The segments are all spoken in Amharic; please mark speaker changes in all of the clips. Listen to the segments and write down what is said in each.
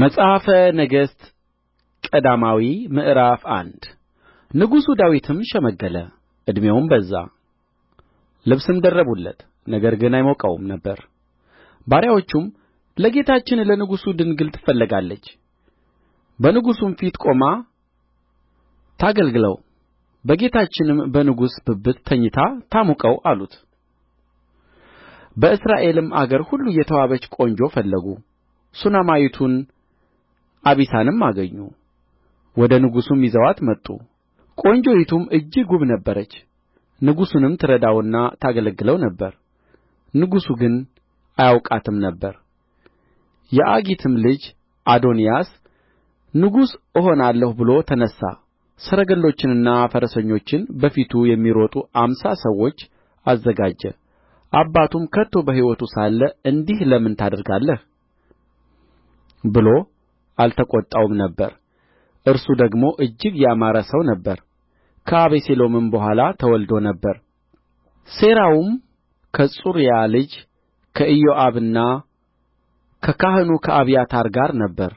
Speaker 1: መጽሐፈ ነገሥት ቀዳማዊ ምዕራፍ አንድ ንጉሡ ዳዊትም ሸመገለ ዕድሜውም በዛ ልብስም ደረቡለት ነገር ግን አይሞቀውም ነበር ባሪያዎቹም ለጌታችን ለንጉሡ ድንግል ትፈለጋለች በንጉሡም ፊት ቆማ ታገልግለው በጌታችንም በንጉሡ ብብት ተኝታ ታሙቀው አሉት በእስራኤልም አገር ሁሉ የተዋበች ቆንጆ ፈለጉ ሱነማይቱን አቢሳንም አገኙ ወደ ንጉሡም ይዘዋት መጡ ቈንጆይቱም እጅግ ውብ ነበረች ንጉሡንም ትረዳውና ታገለግለው ነበር ንጉሡ ግን አያውቃትም ነበር የአጊትም ልጅ አዶንያስ ንጉሥ እሆናለሁ ብሎ ተነሣ ሰረገሎችንና ፈረሰኞችን በፊቱ የሚሮጡ አምሳ ሰዎች አዘጋጀ አባቱም ከቶ በሕይወቱ ሳለ እንዲህ ለምን ታደርጋለህ ብሎ አልተቈጣውም ነበር እርሱ ደግሞ እጅግ ያማረ ሰው ነበረ ከአቤሴሎምም በኋላ ተወልዶ ነበር ሴራውም ከጽሩያ ልጅ ከኢዮአብና ከካህኑ ከአብያታር ጋር ነበር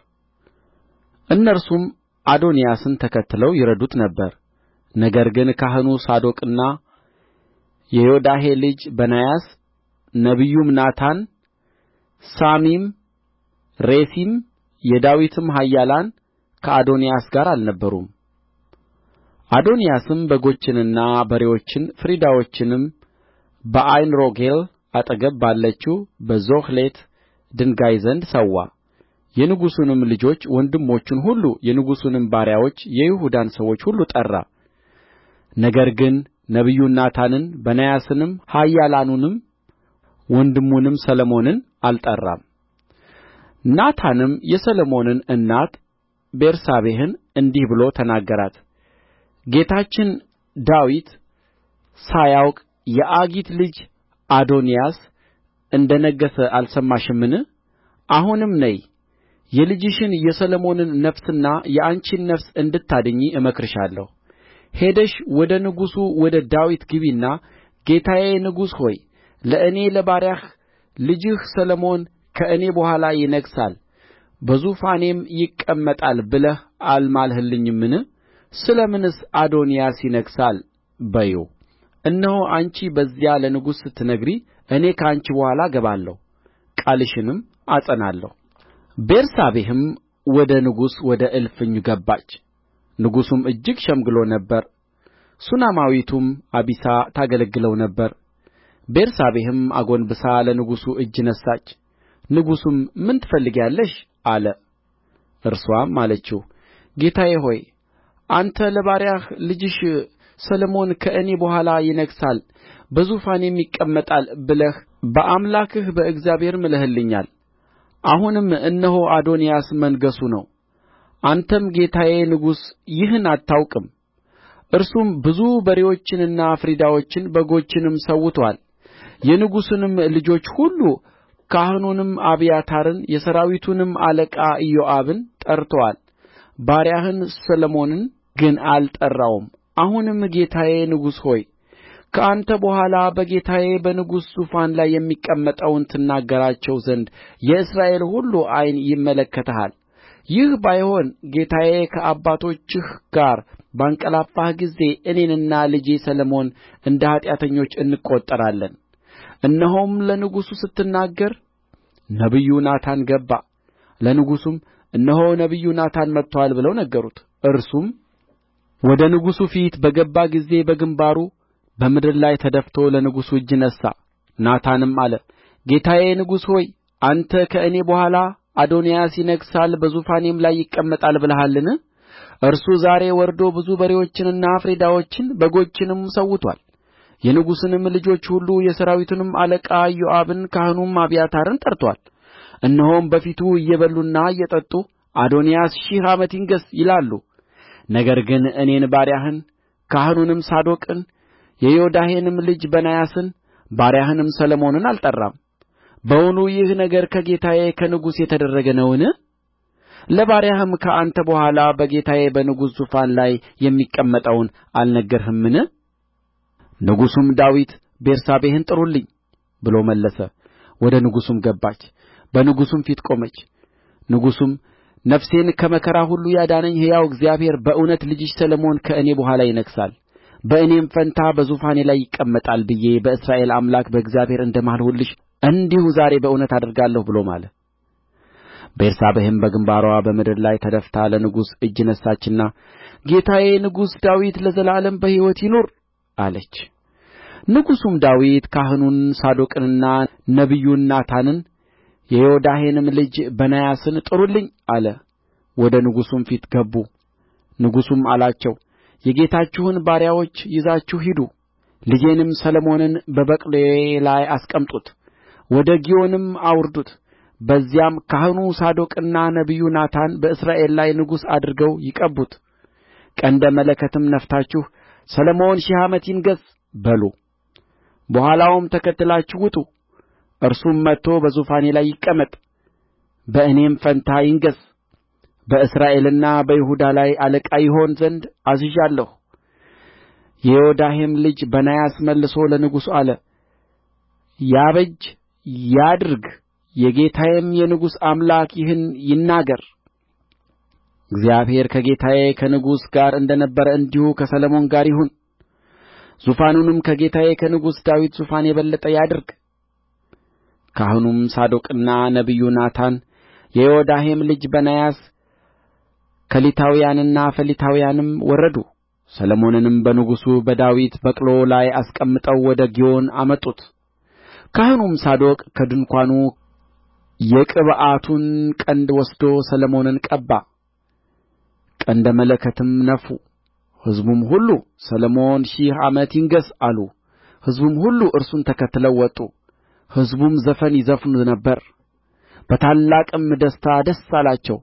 Speaker 1: እነርሱም አዶንያስን ተከትለው ይረዱት ነበር ነገር ግን ካህኑ ሳዶቅና የዮዳሄ ልጅ በናያስ ነቢዩም ናታን ሳሚም ሬሲም የዳዊትም ኃያላን ከአዶንያስ ጋር አልነበሩም አዶንያስም በጎችንና በሬዎችን ፍሪዳዎችንም በዓይንሮጌል አጠገብ ባለችው በዞሔሌት ድንጋይ ዘንድ ሠዋ የንጉሡንም ልጆች ወንድሞቹን ሁሉ የንጉሡንም ባሪያዎች የይሁዳን ሰዎች ሁሉ ጠራ ነገር ግን ነቢዩን ናታንን በናያስንም ኃያላኑንም ወንድሙንም ሰሎሞንን አልጠራም ናታንም የሰሎሞንን እናት ቤርሳቤህን እንዲህ ብሎ ተናገራት ጌታችን ዳዊት ሳያውቅ የአጊት ልጅ አዶንያስ እንደ ነገሠ አልሰማሽምን አሁንም ነዪ የልጅሽን የሰሎሞንን ነፍስና የአንቺን ነፍስ እንድታድኚ እመክርሻለሁ ሄደሽ ወደ ንጉሡ ወደ ዳዊት ግቢና ጌታዬ ንጉሥ ሆይ ለእኔ ለባሪያህ ልጅህ ሰሎሞን ከእኔ በኋላ ይነግሣል በዙፋኔም ይቀመጣል ብለህ አልማልህልኝምን ስለ ምንስ አዶንያስ ይነግሣል በዪው እነሆ አንቺ በዚያ ለንጉሡ ስትነግሪ እኔ ከአንቺ በኋላ እገባለሁ ቃልሽንም አጸናለሁ ቤርሳቤህም ወደ ንጉሡ ወደ እልፍኝ ገባች ንጉሡም እጅግ ሸምግሎ ነበር ሱነማይቱም አቢሳ ታገለግለው ነበር ቤርሳቤህም አጎንብሳ ለንጉሡ እጅ ነሣች ንጉሡም ምን ትፈልጊያለሽ አለ እርስዋም አለችው ጌታዬ ሆይ አንተ ለባሪያህ ልጅሽ ሰሎሞን ከእኔ በኋላ ይነግሣል በዙፋኔም ይቀመጣል ብለህ በአምላክህ በእግዚአብሔር ምለህልኛል አሁንም እነሆ አዶንያስ መንገሡ ነው አንተም ጌታዬ ንጉሥ ይህን አታውቅም እርሱም ብዙ በሬዎችንና ፍሪዳዎችን በጎችንም ሠውቶአል የንጉሡንም ልጆች ሁሉ ካህኑንም አብያታርን የሠራዊቱንም አለቃ ኢዮአብን ጠርቶአል ባሪያህን ሰሎሞንን ግን አልጠራውም አሁንም ጌታዬ ንጉሥ ሆይ ከአንተ በኋላ በጌታዬ በንጉሡ ዙፋን ላይ የሚቀመጠውን ትናገራቸው ዘንድ የእስራኤል ሁሉ ዓይን ይመለከትሃል ይህ ባይሆን ጌታዬ ከአባቶችህ ጋር ባንቀላፋህ ጊዜ እኔና ልጄ ሰሎሞን እንደ ኃጢአተኞች እንቈጠራለን እነሆም ለንጉሡ ስትናገር ነቢዩ ናታን ገባ ለንጉሡም እነሆ ነቢዩ ናታን መጥቶአል ብለው ነገሩት እርሱም ወደ ንጉሡ ፊት በገባ ጊዜ በግምባሩ በምድር ላይ ተደፍቶ ለንጉሡ እጅ ነሣ ናታንም አለ ጌታዬ ንጉሥ ሆይ አንተ ከእኔ በኋላ አዶንያስ ይነግሣል በዙፋኔም ላይ ይቀመጣል ብለሃልን እርሱ ዛሬ ወርዶ ብዙ በሬዎችንና ፍሪዳዎችን በጎችንም ሠውቶአል የንጉሡንም ልጆች ሁሉ የሠራዊቱንም አለቃ ኢዮአብን ካህኑንም አብያታርን ጠርቶአል እነሆም በፊቱ እየበሉና እየጠጡ አዶንያስ ሺህ ዓመት ይንገሥ ይላሉ ነገር ግን እኔን ባሪያህን ካህኑንም ሳዶቅን የዮዳሄንም ልጅ በናያስን ባሪያህንም ሰሎሞንን አልጠራም በውኑ ይህ ነገር ከጌታዬ ከንጉሡ የተደረገ ነውን ለባሪያህም ከአንተ በኋላ በጌታዬ በንጉሡ ዙፋን ላይ የሚቀመጠውን አልነገርህምን ንጉሡም ዳዊት ቤርሳቤህን ጥሩልኝ ብሎ መለሰ ወደ ንጉሡም ገባች በንጉሡም ፊት ቆመች ንጉሡም ነፍሴን ከመከራ ሁሉ ያዳነኝ ሕያው እግዚአብሔር በእውነት ልጅሽ ሰሎሞን ከእኔ በኋላ ይነግሣል በእኔም ፋንታ በዙፋኔ ላይ ይቀመጣል ብዬ በእስራኤል አምላክ በእግዚአብሔር እንደ ማልሁልሽ እንዲሁ ዛሬ በእውነት አደርጋለሁ ብሎ ማለ ቤርሳቤህም በግምባርዋ በምድር ላይ ተደፍታ ለንጉሡ እጅ ነሣችና ጌታዬ ንጉሥ ዳዊት ለዘላለም በሕይወት ይኑር አለች ንጉሡም ዳዊት ካህኑን ሳዶቅንና ነቢዩን ናታንን የዮዳሄንም ልጅ በናያስን ጥሩልኝ አለ ወደ ንጉሡም ፊት ገቡ ንጉሡም አላቸው የጌታችሁን ባሪያዎች ይዛችሁ ሂዱ ልጄንም ሰሎሞንን በበቅሎዬ ላይ አስቀምጡት ወደ ግዮንም አውርዱት በዚያም ካህኑ ሳዶቅና ነቢዩ ናታን በእስራኤል ላይ ንጉሥ አድርገው ይቅቡት ቀንደ መለከትም ነፍታችሁ ሰሎሞን ሺህ ዓመት ይንገሥ በሉ በኋላውም ተከትላችሁ ውጡ እርሱም መጥቶ በዙፋኔ ላይ ይቀመጥ በእኔም ፋንታ ይንገሥ በእስራኤልና በይሁዳ ላይ አለቃ ይሆን ዘንድ አዝዣለሁ የዮዳሄም ልጅ በናያስ መልሶ ለንጉሡ አለ ያበጅ ያድርግ የጌታዬም የንጉሥ አምላክ ይህን ይናገር እግዚአብሔር ከጌታዬ ከንጉሡ ጋር እንደ ነበረ እንዲሁ ከሰሎሞን ጋር ይሁን ዙፋኑንም ከጌታዬ ከንጉሡ ዳዊት ዙፋን የበለጠ ያድርግ ካህኑም ሳዶቅና ነቢዩ ናታን የዮዳሄም ልጅ በናያስ ከሊታውያንና ፈሊታውያንም ወረዱ ሰሎሞንንም በንጉሡ በዳዊት በቅሎ ላይ አስቀምጠው ወደ ግዮን አመጡት ካህኑም ሳዶቅ ከድንኳኑ የቅብዓቱን ቀንድ ወስዶ ሰሎሞንን ቀባ ቀንደ መለከትም ነፉ ሕዝቡም ሁሉ ሰሎሞን ሺህ ዓመት ይንገሥ አሉ ሕዝቡም ሁሉ እርሱን ተከትለው ወጡ ሕዝቡም ዘፈን ይዘፍኑ ነበር በታላቅም ደስታ ደስ አላቸው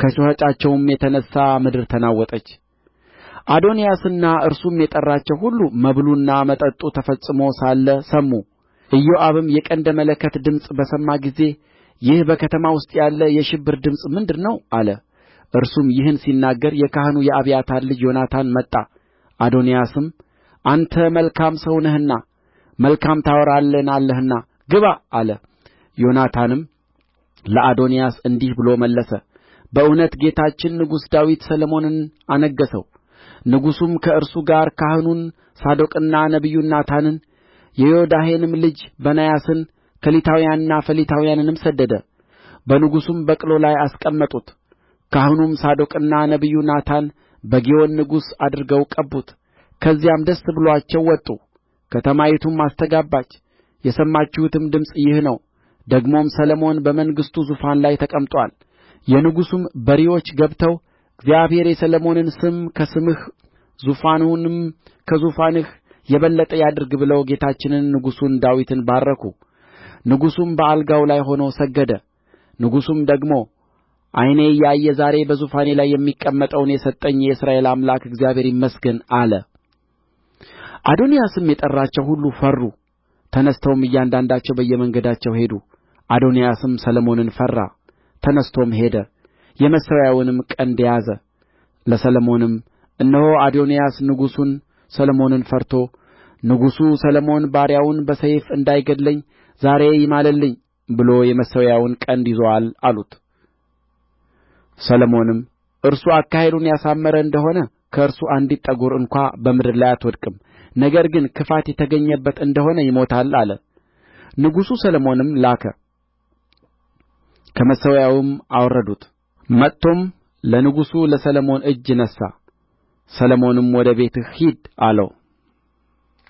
Speaker 1: ከጩኸታቸውም የተነሣ ምድር ተናወጠች አዶንያስና እርሱም የጠራቸው ሁሉ መብሉና መጠጡ ተፈጽሞ ሳለ ሰሙ ኢዮአብም የቀንደ መለከት ድምፅ በሰማ ጊዜ ይህ በከተማ ውስጥ ያለ የሽብር ድምፅ ምንድር ነው አለ እርሱም ይህን ሲናገር የካህኑ የአብያታር ልጅ ዮናታን መጣ አዶንያስም አንተ መልካም ሰው ነህና መልካም ታወራልናለህና ግባ አለ ዮናታንም ለአዶንያስ እንዲህ ብሎ መለሰ በእውነት ጌታችን ንጉሥ ዳዊት ሰሎሞንን አነገሠው ንጉሡም ከእርሱ ጋር ካህኑን ሳዶቅና ነቢዩን ናታንን የዮዳሄንም ልጅ በናያስን ከሊታውያንና ፈሊታውያንንም ሰደደ በንጉሡም በቅሎ ላይ አስቀመጡት ካህኑም ሳዶቅና ነቢዩ ናታን በግዮን ንጉሥ አድርገው ቀቡት ከዚያም ደስ ብሎአቸው ወጡ ከተማይቱም አስተጋባች የሰማችሁትም ድምፅ ይህ ነው ደግሞም ሰሎሞን በመንግሥቱ ዙፋን ላይ ተቀምጦአል የንጉሡም ባሪያዎች ገብተው እግዚአብሔር የሰሎሞንን ስም ከስምህ ዙፋኑንም ከዙፋንህ የበለጠ ያድርግ ብለው ጌታችንን ንጉሡን ዳዊትን ባረኩ ንጉሡም በአልጋው ላይ ሆኖ ሰገደ ንጉሡም ደግሞ ዓይኔ እያየ ዛሬ በዙፋኔ ላይ የሚቀመጠውን የሰጠኝ የእስራኤል አምላክ እግዚአብሔር ይመስገን አለ አዶንያስም የጠራቸው ሁሉ ፈሩ ተነሥተውም እያንዳንዳቸው በየመንገዳቸው ሄዱ አዶንያስም ሰሎሞንን ፈራ ተነሥቶም ሄደ የመሠዊያውንም ቀንድ ያዘ ለሰሎሞንም እነሆ አዶንያስ ንጉሡን ሰሎሞንን ፈርቶ ንጉሡ ሰሎሞን ባሪያውን በሰይፍ እንዳይገድለኝ ዛሬ ይማልልኝ ብሎ የመሠዊያውን ቀንድ ይዞአል አሉት ሰሎሞንም እርሱ አካሄዱን ያሳመረ እንደ ሆነ ከእርሱ አንዲት ጠጕር እንኳ በምድር ላይ አትወድቅም ነገር ግን ክፋት የተገኘበት እንደ ሆነ ይሞታል አለ ንጉሡ ሰሎሞንም ላከ ከመሠዊያውም አወረዱት መጥቶም ለንጉሡ ለሰሎሞን እጅ ነሣ ሰሎሞንም ወደ ቤትህ ሂድ አለው